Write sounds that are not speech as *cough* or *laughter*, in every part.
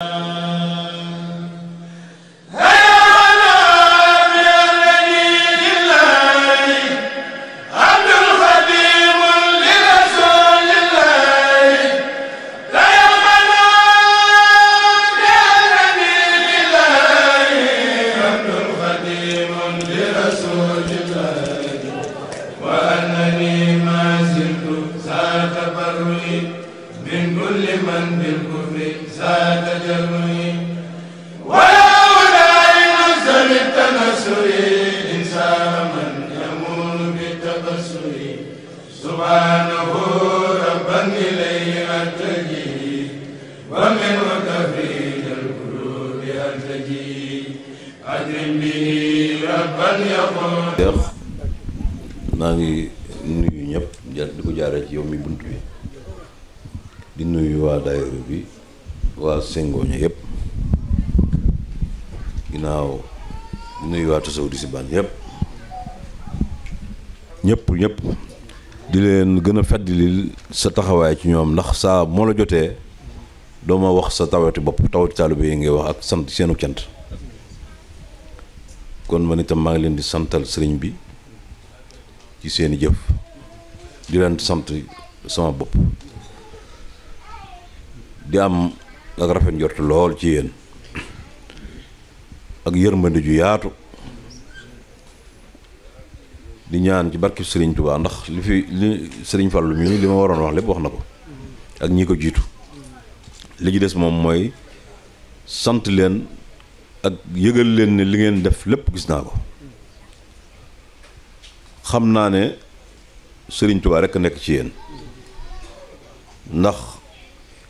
Uh... maa ngi nuyu ñëpp di ko jaaree ci yow mi bunt bi di nuyu waa daayira bi waa Sengoña yëpp ginnaaw nuyu waa Tasawu di si baan yëpp ñëpp ñëpp di leen gën a feddlil sa taxawaay ci ñoom ndax saa moo la jotee doo ma wax sa tawati bopp tawati taalibe yi ngay wax ak sant seenu cant kon ma itam maa ngi leen di santal sëriñ bi ci seeni jëf di leen sant sama bopp di am ak rafet njort lool ci yéen ak yërmande ju yaatu di ñaan ci barki Serigne Touba ndax li fi li Serigne Fallou mii li ma waroon wax lépp wax na ko ak ñi ko jiitu li ci des moom mooy sant leen ak yëgal leen ne li ngeen def lépp gis naa ko xam naa ne Serigne Touba rekk nekk ci yéen ndax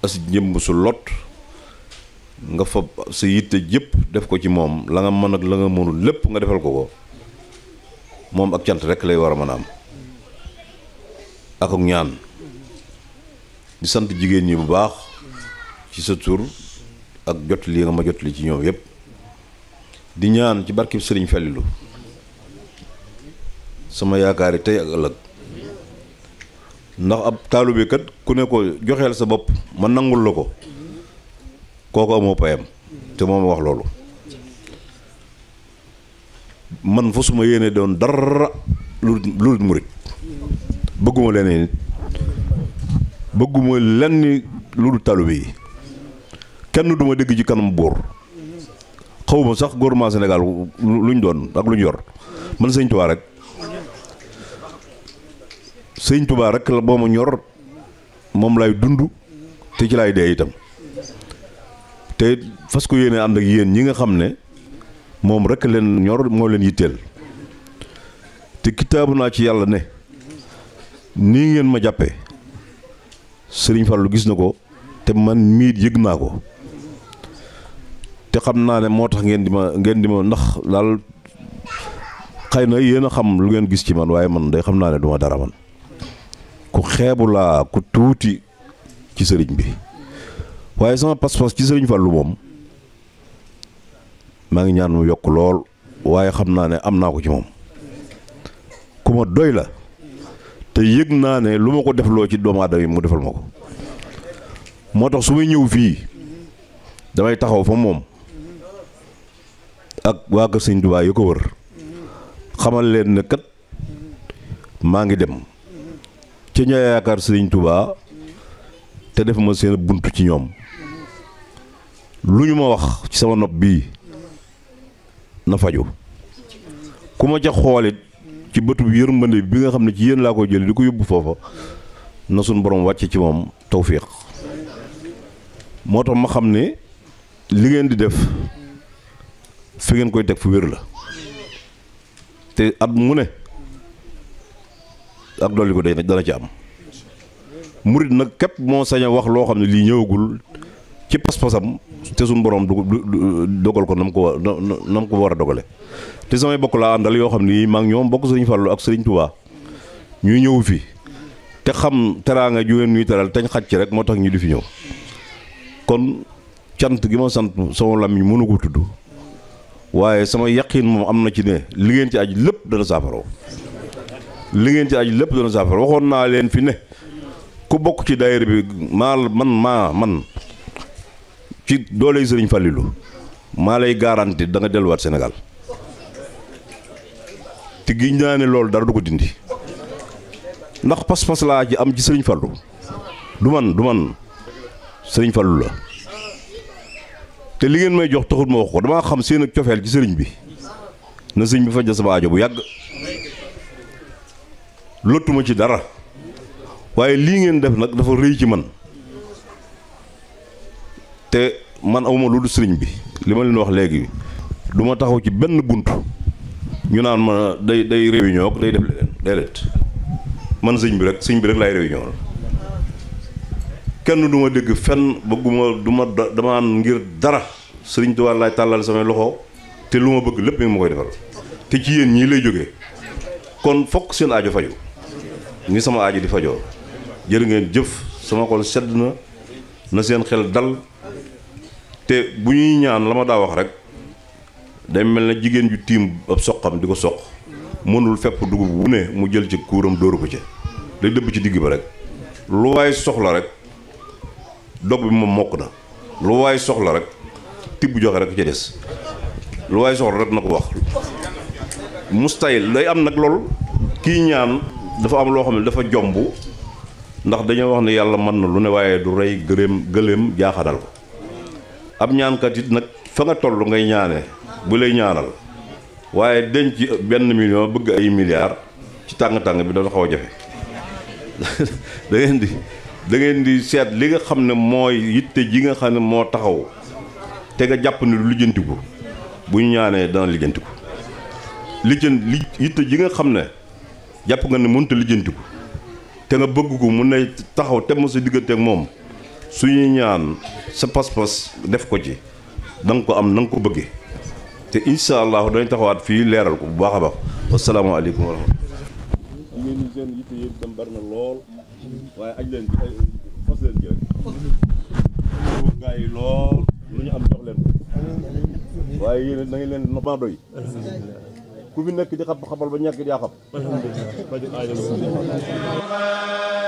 as jëmb su lot nga fab sa yitte jëpp def ko ci moom la nga mën ak la nga mënul lépp nga defal ko ko moom ak cant rek lay war a mën a am ak ñaan di sant jigéen ñi bu baax ci sa tur ak jot lii nga ma jot li ci ñoom yépp di ñaan ci barkib sëriñ Falilu sama yaakaar yi tey ak ëllëg ndax ab taalibe kat ku ne ko joxeel sa bopp ma nangul la ko kooku amoo payam te moom wax loolu man fa suma yéene doon dara lu lu murit bëgguma leneen nit bëgguma lenn lu dul taalibe yi kenn duma dégg ci kanam buur xawma sax gouvernement Sénégal luñ doon ak luñ yor man sëñ Tuubaa rek sëñ Tuubaa rek boo ma ñor moom lay dund te ci lay dee itam te fas ko yéene ànd ak yéen ñi nga xam ne moom rek leen ñor moo leen yitteel te kitaabu naa ci yàlla ne nii ngeen ma jàppee sëriñ Fallou gis na ko te man miit yég naa ko te xam naa ne moo tax ngeen di ma ngeen di ma ndax daal xëy na yéen a xam lu ngeen gis ci man waaye man day xam naa ne duma dara man ku xeebu laa ku tuuti ci sëriñ bi waaye sama pas-pas ci sëriñ Fallou moom maa ngi ñaan mu yokk lool waaye xam naa ne am naa ko ci moom ku ma doy la te yëg naa ne lu ma ko defloo ci doomu aadama yi mu defal ma ko moo tax su may ñëw fii damay taxaw fa moom ak waa kër sëñ Tuubaa ko wër xamal leen ne maa ngi dem ci ña yaakaar sëriñ Tuubaa te def ma seen bunt ci ñoom lu ñu ma wax ci sama nopp bii na faju ku ma ca xoolit ci bëtu yërmande bi nga xam ne ci yéen laa ko jëlee di ko yóbbu foofa na suñ borom wàcc ci moom tawfiq moo tax ma xam ne li ngeen di def fi ngeen koy teg fu wér la te at mu ne ak dolli ko day dana ci am murit nag képp moo sañ a wax loo xam ne lii ñëwagul ci pas-pasam te suñu borom dogal ko nam ko nam ko war a dogale te samay bokk laa àndal yoo xam ne yii maa ngi ñoom bokk sëriñ Fallou ak sëriñ Touba ñuy ñëw fi te xam teraanga ju ngeen ñuy teral tañ xaj ci rek moo tax ñu di fi ñëw kon cant gi ma sant sama làmmiñ mënu ko tudd waaye sama yaqiin moom am na ci ne li ci aj lépp dana saafaroo li ngeen ci aj lépp dana saafara waxoon naa leen fi ne ku bokk ci daayira bi maa man maa man ci dooley sëriñ Fallilou maa lay garanti da delluwaat Sénégal te giñ naa ne loolu dara du ko dindi ndax pas-pas laa ci am ci sëriñ Fallou du man du man sëriñ Fallou te li ngeen may jox taxut ma wax ko damaa xam seen ak cofeel ci sëriñ bi na sëriñ bi fa sama bu yàgg lottuma ci dara waaye lii ngeen def nag dafa rëy ci man te man awma lu dul sëriñ bi li ma leen wax léegi du ma taxaw ci benn bunt ñu naan ma day day réunion day def leen déedéet man sëñ bi rek sëñ bi rek laay réunion la kenn du ma dégg fenn bëgguma duma ma dama ngir dara sëriñ Tuubaa laay tàllale samay loxo te lu ma bëgg lépp mi ma koy defal te ci yéen ñii lay jóge kon fokk seen aajo faju ni sama aajo di fajoo jërë ngeen jëf sama xol sedd na na seen xel dal te bu ñuy ñaan la ma daa wax rek day mel na jigéen ju tiim ab soqam di ko soq mënul fepp dugub wu ne mu jël ci kuuram dóoru ko ci day dëbb ci digg ba rek lu waay soxla rek dog bi moom mokk na lu waay soxla rek tibb joxe rek ca des lu waay soxla rek na ko wax mustayil day am nag lool kii ñaan dafa am loo xam ne dafa jomb ndax dañoo wax ne yàlla mën na lu ne waaye du rey gëléem gëléem jaaxadal ko ab ñaankat it nag fa nga toll ngay ñaane bu lay ñaanal waaye denc benn million bëgg ay milliards ci tàng-tàng bi dafa xaw a jafe *laughs* da ngeen di seet li nga xam ne mooy yitte ji nga xam ne moo taxaw te nga jàpp ne lu lijjantiku bu ñu ñaanee dana lijjantiku lijjan yitte ji nga xam ne jàpp nga ne mënut a lijjantiku te nga bëgg ko mun na taxaw temm sa diggante ak moom suñuy ñaan sa pas-pas def ko ci danga ko am na nga ko bëgge te incha allahu dañ taxawaat fii leeral ko bu baax a baax wasalaamaaleykum wa rahmatulah. am ngeen bari na lool waaye aj leen ay fas leen jël gaa yi lool lu ñu am jox leen ko waaye yéen da leen noppaandoo yi. ku fi nekk di xab xabal ba ñàkk di xab.